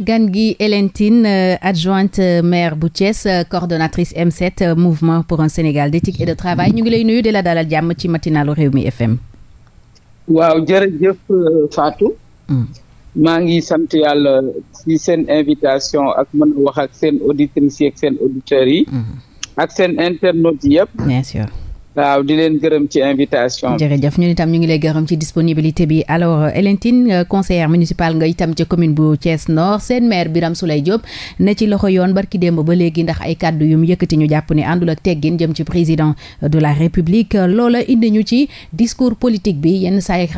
gan gi Hélène Tine euh, adjointe euh, maire bu Thiès euh, coordonnatrice M7 mouvement pour un Sénégal d'éthique et de travail ñu ngi lay nuyu di la dalal jàmm ci matinalu Rewmi FM waaw jërëjëf Fatou hmm. maa ngi sant yàlla seen invitation ak mën a wax ak seen auditrices yi ak seen auditeurs yi hmm. ak seen internautes yëpp bien sûr waaw di leen gërëm ci invitation jërëjëf ñun itam ñu ngi lay gërëm ci disponibilité bi alors Hélène Tine euh, conseillère municipale nga itam ci commune bu Thiès Nord seen maire Birame Souleye Diop ne ci loxo yoon barki démb ba léegi ndax ay kàddu yu mu yëkkati ñu jàpp ni àndul ak teggin jëm ci président de la République loola indi ñu ci discours politique bi yenn saa yi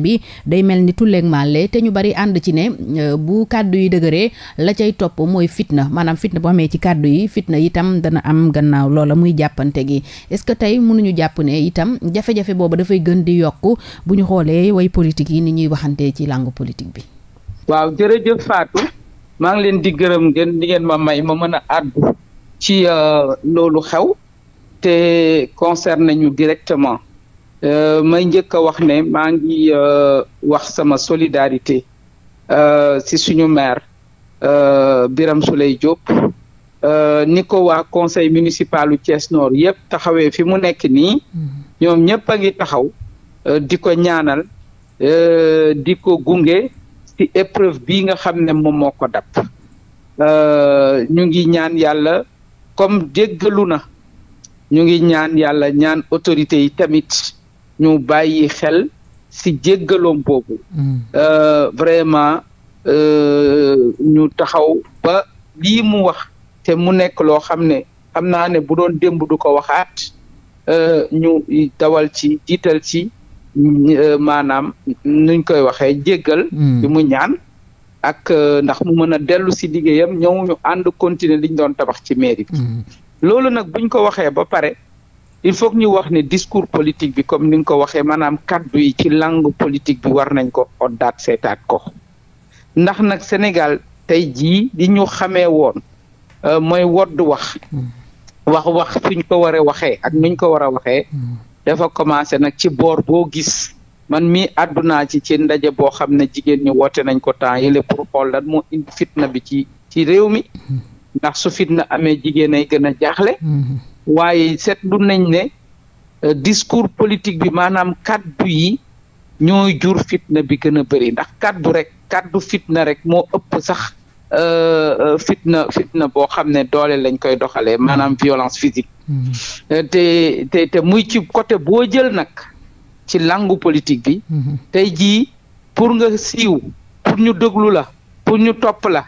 bi day mel ni tulleeg màlle te ñu bari ànd ci ne euh, bu kàddu yi dëgëree la cay topp mooy fitna maanaam fitna bu amee ci kàddu yi fitna itam dana am gannaaw loola muy jàppante gi mënuñu jàpp ne itam jafe-jafe boobu dafay gën di yokk bu ñu xoolee way politique yi ni ñuy waxantee ci langue politique bi. waaw jërëjëf Fatou maa ngi leen di gërëm ngeen di ngeen ma may ma mën a àddu ci euh, loolu xew te concerne nañu directement. Euh, may njëkk a wax ne maa ngi euh, wax sama solidarité ci suñu maire Birame Souleye Diop Euh, ni ko waa conseil municipalu Thiès Nord yëpp taxawee fi mu nekk nii mm-hmm. ñoom ñëpp a ngi taxaw euh, di ko ñaanal euh, di ko gunge ci épreuve bii nga xam ne moom moo ko dab ñu ngi ñaan yàlla comme déggalu na ñu ngi ñaan yàlla ñaan autorités yi tamit ñu bàyyi xel ci jéggaloom boobu mm-hmm. vraiment ñu taxaw ba lii wax te mu nekk loo xam ne xam naa ne bu doon démb du ko waxaat euh, ñu uh, dawal ci jiital ci uh, maanaam nuñ koy waxee jéggal hmm. bi mu ñaan ak euh, ndax mu mën a dellu si liggéeyam ñëw ñu ànd continuer liñ doon tabax ci mairie hmm. loolu nag buñ ko waxee ba pare il faut que ñu wax ne discours politique bi comme ni nga ko waxee maanaam kaddu yi ci lang politique bi war nañ ko oddaat seetaat ko ndax nag Sénégal tey jii di ñu xamee woon Euh, mooy wodd wax hmm. wax wax fi ko waree waxee ak nuñ ko war a waxee hmm. dafa commencé nag ci boor boo gis man mii àddunaa ci ci ndaje boo xam ne jigéen ñi woote nañ ko temps yële pour xool lan moo indi fitna bi ci ci réew mi hmm. ndax su fitna amee jigéen ay gën a jaaxle waaye seetlu nañ ne euh, discours politique bi maanaam kaddu yi ñooy jur fitna bi gën a bëri ndax kaddu rek kaddu fitna rek moo ëpp sax Euh, euh, fitna fitna boo xam ne doole lañ koy doxalee hmm. maanaam violence physique. Hmm. te te muy ci côté boo jël nag ci langu politique bi. Hmm. tey jii pour nga siiw pour ñu déglu la pour ñu topp la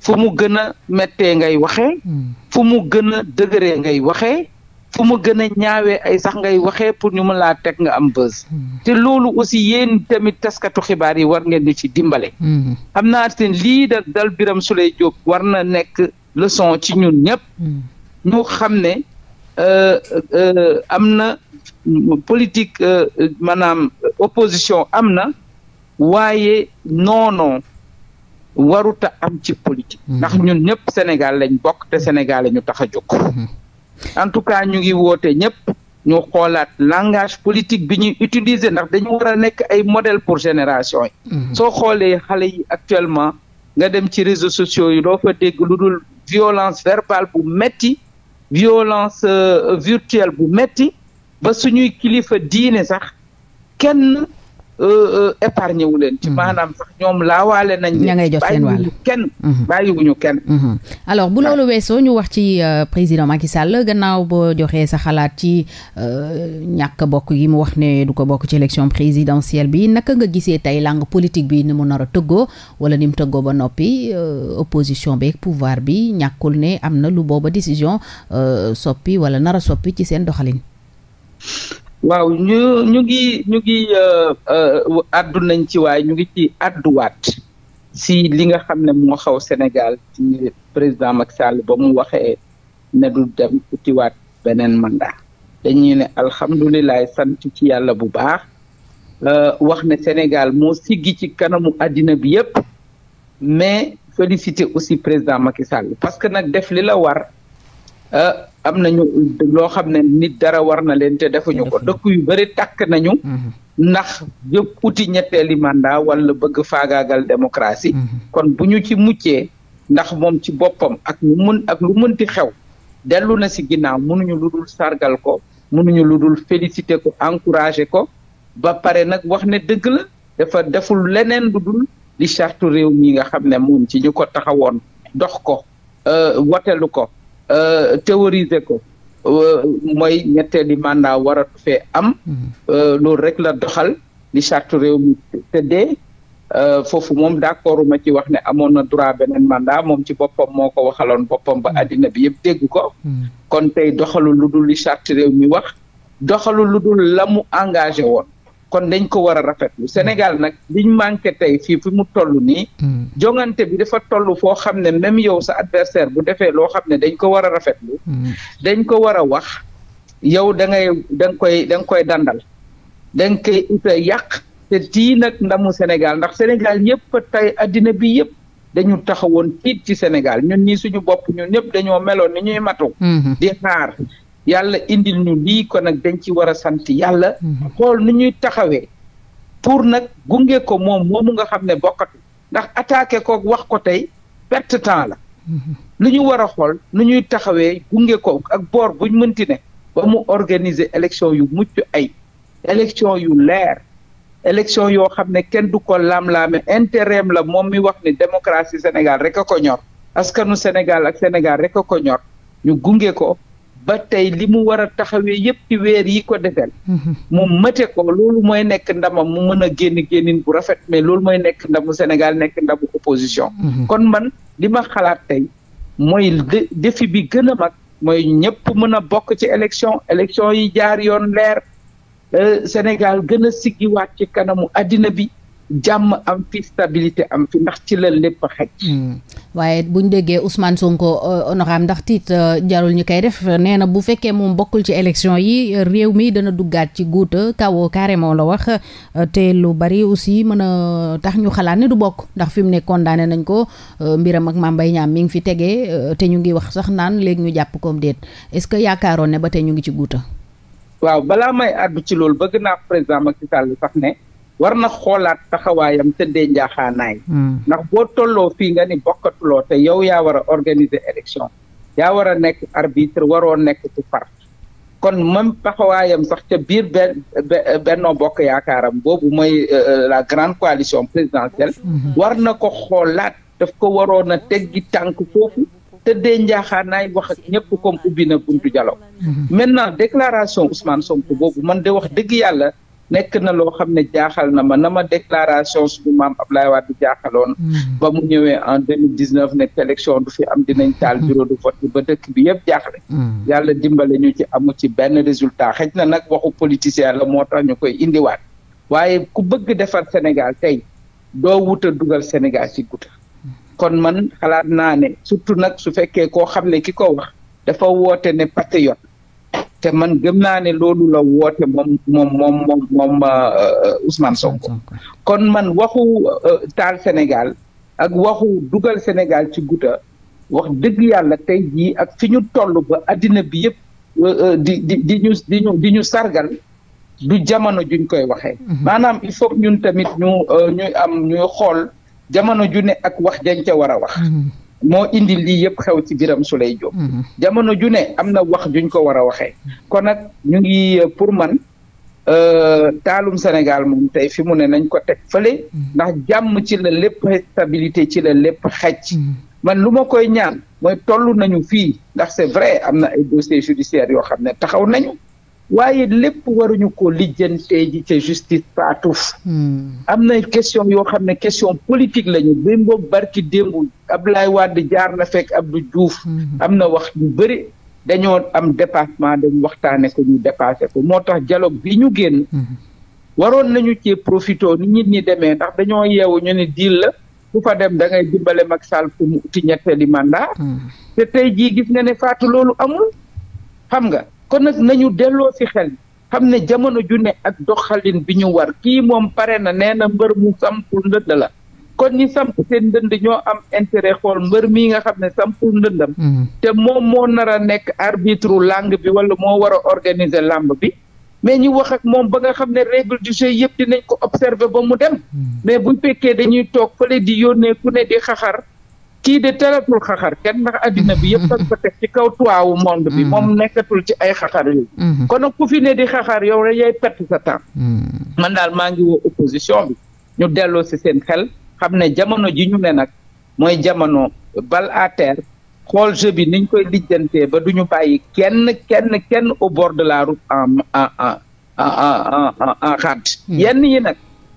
fu mu gën a méttee ngay waxee. fu mu gën a dëgëree ngay waxee. fu mu gën ñaawee ay sax ngay waxee pour ñu mën laa teg nga am bës. Mm-hmm. te loolu aussi yéen tamit taskatu xibaar yi war ngeen ñu ci dimbale. Mm-hmm. xam naa te lii dal Birame Souleye Diop war na nekk leçon ci ñun ñëpp. Mm-hmm. ñu xam ne euh, euh, am na politique euh, maanaam opposition am na waaye noonoo waruta am ci politique. ndax ñun ñëpp Sénégal lañ bokk te Sénégal ñu tax a jóg. en tout cas ñu ngi woote ñëpp ñu xoolaat langage politique bi ñuy utiliser ndax dañu war a nekk ay modèle pour génération yi. Mm-hmm. soo xoolee xale yi actuellement nga dem ci réseaux sociaux yi doo fa dégg lu dul violence verbale bu metti violence euh, virtuelle bu metti ba suñuy kilifa diine sax kenn. Euh, euh, épargné wu leen. ci mhm. maanaam sax ñoom laawaale nañ. ña ngay jot seen wàll kenn bàyyiwuñu kenn. Mhm. Mhm. alors bu loolu soo ñu wax ci euh, président Macky Sall gannaaw boo joxee sa xalaat ci ñàkk bokk yi mu wax ne du ko bokk ci élection présidentielle bi naka nga gisee tey làng politique bi ni mu nar a tëggoo wala ni mu tëggoo ba noppi opposition beeg pouvoir bi ñàkkul ne am na lu booba décision soppi wala nar a soppi ci seen doxalin. waaw ñu ñu ngi ñu ngi euh, euh, àddu nañ ci waaye ñu ngi ci àdduwaat si li nga xam ne moo xaw Sénégal président Macky Sall ba mu waxee ne du dem utiwaat beneen mandat dañuy ne alhamdulilah sant ci yàlla bu baax euh, wax ne Sénégal moo siggi ci kanamu àddina bi yépp mais félicité aussi président Macky Sall parce que nag def li la war. Euh, am nañu loo xam ne nit dara war na leen te defuñu ko dëkku yu bëri takk nañu. Mhm. ndax yëpp uti ñetteeli mandat wala bëgg faagaagal démocratie. Mhm. kon bu ñu ci muccee ndax moom ci boppam ak lu ak lu mënti xew. dellu na si ginnaaw mënuñu lu dul sargal ko mënuñu lu dul féliciter ko encourager ko ba pare nag wax ne dëgg la dafa deful leneen lu dul di charte réew mi nga xam ne moom ci ñu ko taxawoon dox ko euh, wotelu ko. Euh, théoriser ko euh, mooy ñetteeli mandat waratu fee am mhm. euh, loolu rek la doxal li charte réew mi tëddee foofu moom d'accord ma ci wax ne amoon na droit beneen manda moom ci boppam moo ko waxaloon boppam ba mhm. àddina bi yëpp dégg ko mhm. kon tey doxalul lu dul li charte réew mi wax doxalu lu lamu engagé woon kon dañ ko war a rafetlu Sénégal nag liñ manqué tey fii fi mu toll nii. Hmm. jongante bi dafa toll foo xam ne même yow sa adversaire bu defee loo xam ne dañ ko war a rafetlu. Hmm. dañ ko war a wax yow dangay ngay koy da koy dandal da nga koy ute yàq te tii nag ndamu Sénégal ndax Sénégal yëpp tey àddina bi yëpp. dañu taxawoon tiit ci Sénégal ñun ñii suñu bopp ñun ñëpp dañoo meloon ni ñuy matu. Hmm. di xaar yàlla indi ñu lii ko nag dañ ci war a sant yàlla. Mhm. xool nu ñuy taxawee. pour nag gunge ko moom moomu nga xam ne bokkatu ndax attaqué ko wax ko tey perte temps la. Mhm. lu ñu war a xool nu ñuy taxawee gunge ko ak boor buñ mënti ne. ba mu organiser élection yu mucc ay élection yu leer. élection yoo xam ne kenn du ko laam-laame intérêt la moom mi wax ni démocratie Sénégal rek a ko ñor askanu Sénégal ak Sénégal rek a ko ñor ñu gunge ko. ba tey li mu war a taxawee yëpp ci weer yi ko defeel moom mm-hmm. mate ko loolu mooy nekk ndamam mu mën a génn génnin bu rafet mais loolu mooy nekk ndamu Sénégal nekk ndamu opposition mm-hmm. kon man li ma xalaat tey mooy défi bi gën a mag mooy ñëpp mën a bokk ci élection élection yi jaar yoon leer euh, Sénégal gën a siggiwaat ci kanamu àddina bi jàmm am fi stabilité am fi ndax ci la lépp xaj. Mm. waaye buñ déggee Ousmane Sonko euh, honorable ndax tiit euh, jarul ñu koy def nee na bu fekkee moom bokkul ci élection yi réew mi dana duggaat ci guuta kawoo carrément la wax euh, te lu bari aussi mën a tax ñu xalaat ne du bokk ndax fi mu ne condamné nañ ko mbiram ak Mame Mbaye ñaam mi ngi fi tegee te ñu ngi wax sax naan léegi ñu jàpp koom déet est-ce que yaakaaroon ne ba tey ñu ngi ci guuta waaw balaa may àddu ci loolu bëgg naa président Macky war na xoolaat taxawaayam tëddee njaaxaanaay hmm. ndax boo tolloo fii nga ni bokkatuloo te yow yaa war a organiser élection yaa war a nekk arbitre waroo nekk ci far kon même taxawaayam sax ca biir benn bennoo bokk yaakaaram boobu mooy euh, euh, la grande coalition présidentielle hmm. war na ko xoolaat daf ko waroon a teggi tànk foofu tëddee njaaxaanaay wax ak ñëpp comme ubbi na buntu dialogue hmm. maintenant déclaration Ousmane Sonko boobu man de wax dëgg yàlla nekk na loo xam ne jaaxal na ma na ma déclaration suñu maam Ablaye Wade jaaxaloon. Mm. ba mu ñëwee en deux mille dix neuf nekk élection du fi am dinañ taal mm. bureau de vote ba dëkk bi yëpp jaaxle. Mm. yàlla dimbale ñu ci amu ci benn résultat xëj na nag waxu politicien la moo tax ñu koy indiwaat waaye ku bëgg defar Sénégal tey doo wut a dugal Sénégal ci guta kon man xalaat naa ne surtout nag su fekkee koo xam ne ki ko wax dafa woote ne patriote te man gëm naa ne loolu la woote moom moom moom moom moom euh, euh, Ousmane Sonko kon man waxu euh, taal Sénégal ak waxu dugal Sénégal ci guta wax dëgg yàlla tey yii ak fi ñu toll ba addina bi yëpp di di di ñu di ñu di ñu sargal du jamono juñ koy waxee mhm. maanaam il faut ñun tamit ñu ñuy am ñuy xool jamono ju ne ak wax jañ ca war a wax mhm. moo indi lii yëpp xew ci Birame Souleye Diop. Mhm. jamono ju ne am na wax juñ ko war a waxee. kon nag ñu ngi euh, pour man euh, taalum Sénégal moom tey fi mu ne nañ ko teg fale mhm. ndax jàmm ci la lépp stabilité ci la lépp xecc. Mhm. man lu ma koy ñaan mooy toll nañu fii ndax c'est vrai am na ay dossiers yoo xam ne taxaw nañu. waaye lépp waruñu ko lijjantee ji ca justice paatuf hmm. am na question yoo xam ne question politique lañu démb barki ab lay Wade jaar na fekk Abdou juuf hmm. am na wax ñu bëri dañoo am dépassement dañu waxtaane ko ñu dépassé ko moo tax dialogue bi ñu génn hmm. waroon nañu ce profité ni nit ñi demee ndax dañoo yeewu ñu ne diil la ku fa dem da ngay dimbale Macky Sall pour mu uti ñetteeli mandat te tey jii gis nga ne faatu loolu amul xam nga kon nag nañu delloo si xel xam ne jamono ju ne ak doxalin bi ñu war kii moom pare na nee na mbër mu sampul ndënd la kon ñi samp seen ndënd ñoo am intérêt xool mbër mii nga xam ne sampul ndëndam mm-hmm. te moom moo nar a nekk arbitre langue bi wala moo war a organiser làmb bi mais ñu wax ak moom ba nga xam ne règle du jeu yëpp dinañ ko observer ba mu dem mm-hmm. mais bu fekkee dañuy toog fële di yónnee ku ne di xaxar kii de teratul xaxar kenn ndax addina bi yëpp ak ko teg ci kaw tuwaawu monde bi moom mm. nekkatul ci ay xaxar yooyu mm-hmm. kon nag ku fi ne di xaxaar yow rek yay perte sa temps mm. man daal maa ngi woo opposition bi ñu delloo si seen xel xam ne jamono ji ñu ne nag mooy jamono bal à xool jeu bi niñ koy lijjantee ba duñu bàyyi kenn kenn kenn au bord de la route en mm. yenn yi nag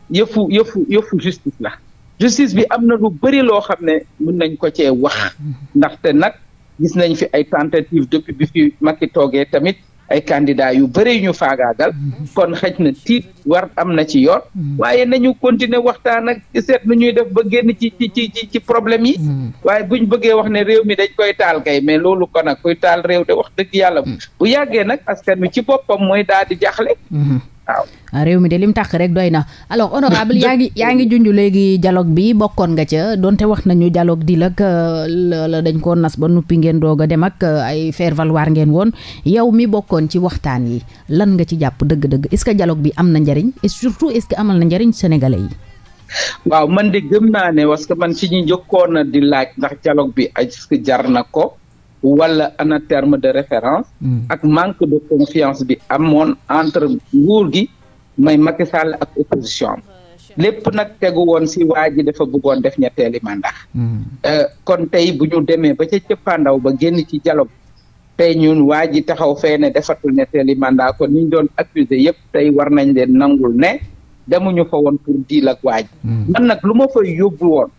yëfu yëfu yëfu justice la justice bi am na lu bëri loo xam ne mën nañ ko cee wax ndaxte nag gis nañ fi ay tentative depuis bi fi Macky toogee tamit ay candidat yu bëri ñu faagaagal kon xëj na tiit war am na ci yoon waaye nañu continuer waxtaan ak seet nu ñuy def ba génn ci ci ci problème yi waaye buñ bëggee wax ne réew mi dañ koy taal kay mais loolu kon nag kuy taal réew de wax dëgg yàlla mm. bu yàggee nag askan wi ci boppam mooy daal di jaxle mm-hmm. réew mi de lim tàq rek doy na alors honorable yaa ngi yaa ngi junj léegi dialogue bi bokkoon nga ca donte wax nañu jaloog di lak la dañ ko nas ba nuppi ngeen doog a dem ak ay faire valoir ngeen woon yow mi bokkoon ci waxtaan yi lan nga ci jàpp dëgg-dëgg est-ce que dialogue bi am na njariñ et surtout est-ce que amal na njariñ sénégalais yi waaw man de gëm naa ne parce que man ci ñu njëkkoon a di laaj ndax dialogue bi est-ce que jar na ko wala ana terme de référence. Hmm. ak manque de confiance bi amoon entre nguur gi may Macky Sall ak opposition lépp nag tegu woon si waa ji dafa bëggoon def ñetteeli mandat hmm. euh, kon tey bu ñu demee ba ca cëppaandaw ba génn ci dialogue tey ñun waa ji taxaw fee ne defatul ñetteeli mandat kon ñu doon accuser yëpp tey war nañ leen nangul ne demuñu fa woon pour diil ak waa hmm. man nag lu ma fa yóbbu woon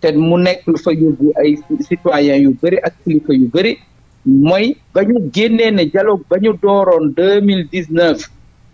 te mu nekk fa yóbbu ay citoyens yu bëri ak kilifa yu bëri mooy ba ñu ne dialogue ba ñu dooroon deux mille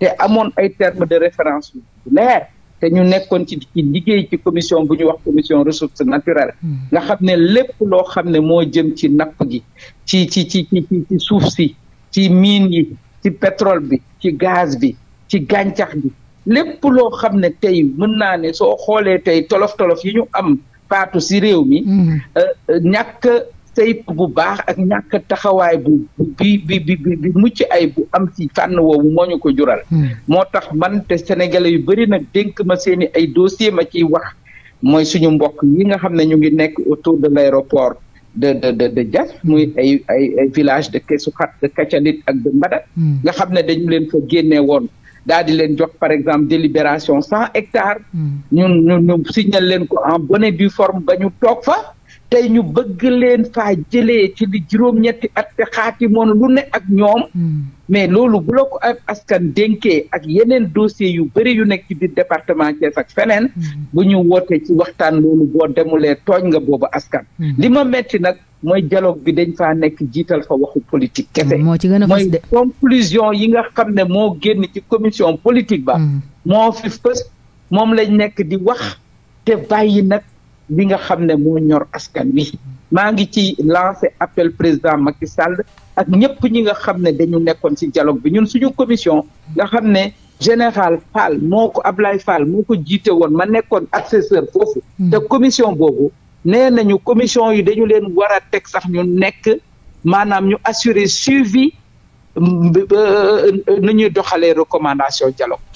te amoon ay termes de référence yu leer te ñu nekkoon ci ci liggéey ci commission bu ñu wax commission ressources naturelles hmm. nga xam ne lépp loo xam ne moo jëm ci napp gi ci ci ci ci ci suuf si ci mine yi ci pétrole bi ci gaz bi ci gàncax bi lépp loo xam ne tey mën naa ne soo xoolee tey tolof tolof yi ñu am faatu ci réew mi hmm. euh, euh, ñàkk sayt bu baax ak ñàkk taxawaay bu bi bi bi bi mucc ay bu am ci fànn woowu mooñu ko jural. Hmm. moo tax man te sénégalais yu bëri nag dénk ma seen i ay dossier ma ci wax mooy suñu mbokk yi nga xam ne ñu ngi nekk autour de l' de de de de hmm. muy ay ay ay village de Kesukhat de Kacalit ak ba Mbadak. Hmm. nga xam ne dañu leen fa génnee woon. daal di leen jox par exemple délibération cent hectares. ñu ñu signal leen ko en bonne et forme ba ñu toog fa. tey ñu bëgg leen faa jëlee ci li juróom-ñetti at te xaati moon lu ne ak ñoom hmm. mais loolu bu ko ak askan dénkee ak yeneen dossier yu bëri yu nekk ci biir département Thiès ak feneen hmm. bu ñu wootee ci waxtaan loolu boo demulee tooñ nga boobu askan hmm. li ma metti nag mooy dialogue bi dañ faa nekk jiital fa waxu politique kese mooy conclusion yi nga xam ne moo génn ci commission politique ba moo fi fës moom lañ nekk di wax te bàyyi nag bi nga xam ne moo ñor askan wi maa ngi ci lancé appel président Macky Sall ak ñëpp ñi nga xam ne dañu nekkoon ci dialogue bi ñun suñu commission nga xam ne général Fall moo ko Ablaye Fall moo ko jiite woon ma nekkoon assesseur foofu hmm. te commission boobu nee nañu commission yi dañu leen war teg sax ñu nekk maanaam ñu assurer suivi nu ñuy doxalee recommandation dialogue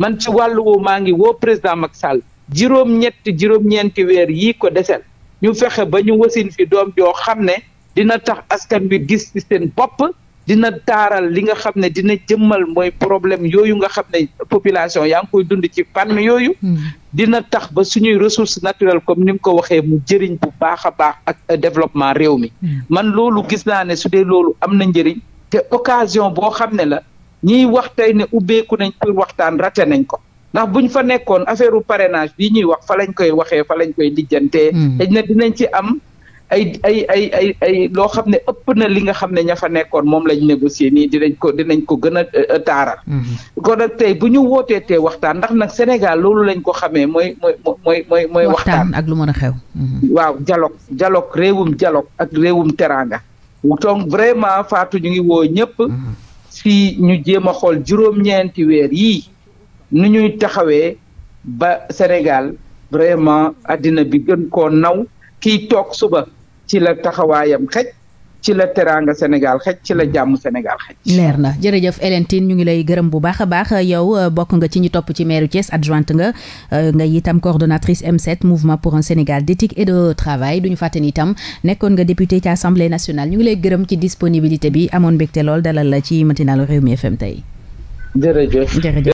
man ci wàllu woo maa ngi woo président Macky Sall juróom-ñett juróom-ñeenti weer yii ko desel ñu fexe ba ñu wasin fi doom joo xam ne dina tax askan wi gis ci seen bopp dina taaral li nga xam ne dina jëmmal mooy problème yooyu nga xam ne population yaa ngi koy dund ci fànn yooyu. Hmm. dina tax ba suñuy ressource naturelle comme ni nga ko waxee mu jëriñ bu baax a baax ak euh, développement réew mi. Hmm. man loolu gis naa ne su loolu am na njëriñ. te occasion boo xam ne la ñiy wax tey ne ubbeeku nañ pour waxtaan raté nañ ko. ndax buñ fa nekkoon affaire pare parrainage bii ñuy wax fa lañ koy waxee fa lañ koy lijjantee. Hmm. dañ na dinañ ci am ay ay ay ay ay loo xam ne ëpp na li nga xam ne ña fa nekkoon moom lañ négocier nii dinañ ko dinañ ko gën a e, e, taaral. Hmm. kon nag tey bu ñu wootee tee waxtaan ndax nag Sénégal loolu lañ ko xamee mooy mooy mooy mooy mooy. waxtaan ak lu mën a xew. Hmm. waaw dialogue jalook réewum jalook ak réewum teraanga. donc vraiment Fatou ñu ngi woo ñëpp. si ñu jéem a xool juróom-ñeenti weer yii. nu ñuy taxawee ba Sénégal vraiment àddina bi gën koo naw kiy toog suba ci la taxawaayam xej ci la teraanga Sénégal xej ci la jàmm Sénégal xej leer na jërëjëf Hélène ñu ngi lay gërëm bu baax a baax yow euh, bokk nga ci ñu topp ci mairu Thiès adjointe nga euh, nga itam coordonnatrice M7 mouvement pour un Sénégal d'éthique et de du ñu fàtte ni itam nekkoon nga député ci assemblée nationale ñu ngi lay gërëm ci disponibilité bi amoon mbégte lool dalal la ci matinalu Rewmi FM tey jërëjëf jërëjëf